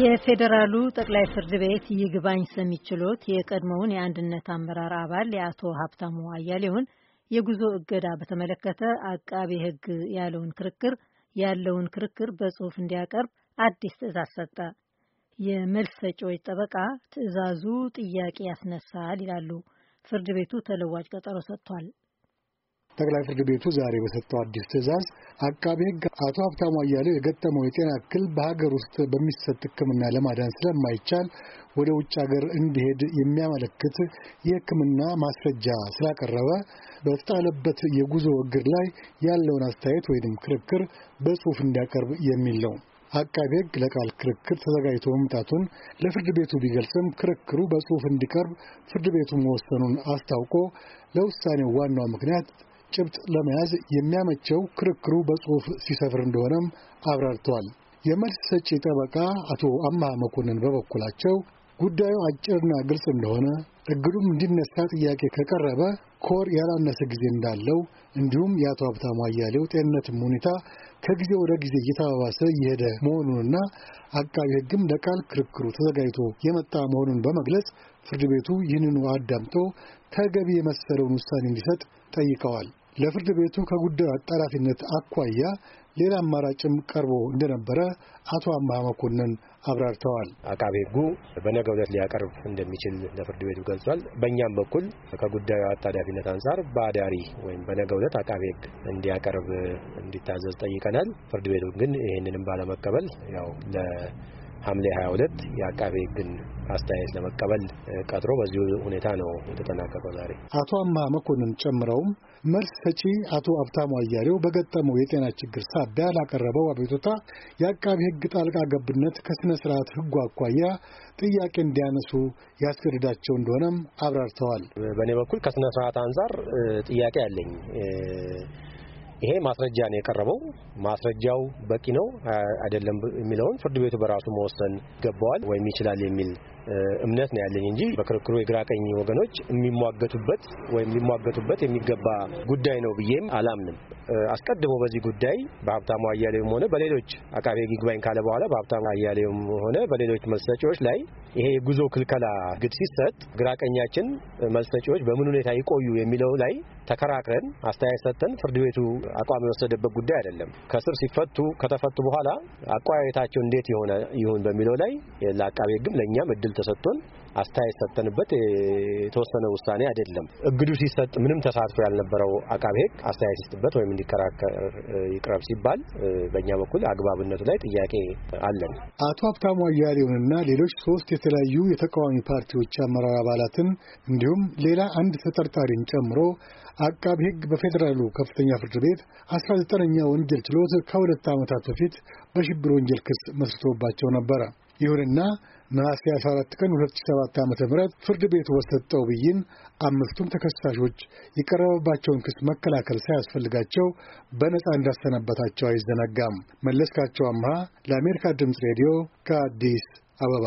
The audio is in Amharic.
የፌዴራሉ ጠቅላይ ፍርድ ቤት ይግባኝ ሰሚ ችሎት የቀድሞውን የአንድነት አመራር አባል የአቶ ሀብታሙ አያሌውን የጉዞ እገዳ በተመለከተ አቃቤ ሕግ ያለውን ክርክር ያለውን ክርክር በጽሁፍ እንዲያቀርብ አዲስ ትዕዛዝ ሰጠ። የመልስ ሰጪዎች ጠበቃ ትዕዛዙ ጥያቄ ያስነሳል ይላሉ። ፍርድ ቤቱ ተለዋጭ ቀጠሮ ሰጥቷል። ጠቅላይ ፍርድ ቤቱ ዛሬ በሰጠው አዲስ ትዕዛዝ አቃቢ ሕግ አቶ ሀብታሙ አያሌው የገጠመው የጤና እክል በሀገር ውስጥ በሚሰጥ ሕክምና ለማዳን ስለማይቻል ወደ ውጭ ሀገር እንዲሄድ የሚያመለክት የሕክምና ማስረጃ ስላቀረበ በተጣለበት የጉዞ እግር ላይ ያለውን አስተያየት ወይም ክርክር በጽሁፍ እንዲያቀርብ የሚል ነው። አቃቤ ሕግ ለቃል ክርክር ተዘጋጅቶ መምጣቱን ለፍርድ ቤቱ ቢገልጽም ክርክሩ በጽሁፍ እንዲቀርብ ፍርድ ቤቱ መወሰኑን አስታውቆ ለውሳኔው ዋናው ምክንያት ጭብጥ ለመያዝ የሚያመቸው ክርክሩ በጽሑፍ ሲሰፍር እንደሆነም አብራርተዋል። የመልስ ሰጪ ጠበቃ አቶ አምሃ መኮንን በበኩላቸው ጉዳዩ አጭርና ግልጽ እንደሆነ እግዱም እንዲነሳ ጥያቄ ከቀረበ ኮር ያላነሰ ጊዜ እንዳለው እንዲሁም የአቶ ሀብታሙ አያሌው ጤንነትም ሁኔታ ከጊዜ ወደ ጊዜ እየተባባሰ እየሄደ መሆኑንና አቃቢ ሕግም ለቃል ክርክሩ ተዘጋጅቶ የመጣ መሆኑን በመግለጽ ፍርድ ቤቱ ይህንኑ አዳምጦ ተገቢ የመሰለውን ውሳኔ እንዲሰጥ ጠይቀዋል። ለፍርድ ቤቱ ከጉዳዩ አጣራፊነት አኳያ ሌላ አማራጭም ቀርቦ እንደነበረ አቶ አምሃ መኮንን አብራርተዋል። አቃቤ ሕጉ በነገ ዕለት ሊያቀርብ እንደሚችል ለፍርድ ቤቱ ገልጿል። በእኛም በኩል ከጉዳዩ አጣዳፊነት አንጻር በአዳሪ ወይም በነገ ዕለት አቃቤ ሕግ እንዲያቀርብ እንዲታዘዝ ጠይቀናል። ፍርድ ቤቱ ግን ይህንንም ባለመቀበል ያው ሐምሌ 22 የአቃቤ ሕግን አስተያየት ለመቀበል ቀጥሮ በዚሁ ሁኔታ ነው የተጠናቀቀው። ዛሬ አቶ አማ መኮንን ጨምረውም መልስ ሰጪ አቶ አብታሙ አያሌው በገጠመው የጤና ችግር ሳቢያ ላቀረበው አቤቱታ የአቃቢ ሕግ ጣልቃ ገብነት ከሥነ ስርዓት ሕጉ አኳያ ጥያቄ እንዲያነሱ ያስገድዳቸው እንደሆነም አብራርተዋል። በእኔ በኩል ከሥነ ስርዓት አንጻር ጥያቄ አለኝ ይሄ ማስረጃ ነው የቀረበው። ማስረጃው በቂ ነው አይደለም የሚለውን ፍርድ ቤቱ በራሱ መወሰን ይገባዋል ወይም ይችላል የሚል እምነት ነው ያለኝ እንጂ በክርክሩ የግራ ቀኝ ወገኖች የሚሟገቱበት ወይም ሊሟገቱበት የሚገባ ጉዳይ ነው ብዬም አላምንም። አስቀድሞ በዚህ ጉዳይ በሀብታሙ አያሌውም ሆነ በሌሎች አቃቤ ይግባኝ ካለ በኋላ በሀብታሙ አያሌውም ሆነ በሌሎች መልስ ሰጪዎች ላይ ይሄ የጉዞ ክልከላ ግድ ሲሰጥ ግራ ቀኛችን መልስ ሰጪዎች በምን ሁኔታ ይቆዩ የሚለው ላይ ተከራክረን አስተያየት ሰጥተን ፍርድ ቤቱ አቋም የወሰደበት ጉዳይ አይደለም። ከስር ሲፈቱ ከተፈቱ በኋላ አቋያየታቸው እንዴት የሆነ ይሁን በሚለው ላይ ለአቃቤ ሕግም ለእኛም እድል ተሰጥቶን አስተያየት ሰጠንበት። የተወሰነ ውሳኔ አይደለም። እግዱ ሲሰጥ ምንም ተሳትፎ ያልነበረው አቃቤ ሕግ አስተያየት ይስጥበት ወይም እንዲከራከር ይቅረብ ሲባል በእኛ በኩል አግባብነቱ ላይ ጥያቄ አለን። አቶ ሀብታሙ አያሌውንና ሌሎች ሶስት የተለያዩ የተቃዋሚ ፓርቲዎች አመራር አባላትን እንዲሁም ሌላ አንድ ተጠርጣሪን ጨምሮ አቃቢ ሕግ በፌዴራሉ ከፍተኛ ፍርድ ቤት አስራ ዘጠነኛ ወንጀል ችሎት ከሁለት ዓመታት በፊት በሽብር ወንጀል ክስ መስርቶባቸው ነበረ። ይሁንና ነሐሴ 14 ቀን 2007 ዓ ም ፍርድ ቤቱ በሰጠው ብይን አምስቱም ተከሳሾች የቀረበባቸውን ክስ መከላከል ሳያስፈልጋቸው በነፃ እንዳሰናበታቸው አይዘነጋም። መለስካቸው አምሃ ለአሜሪካ ድምፅ ሬዲዮ ከአዲስ አበባ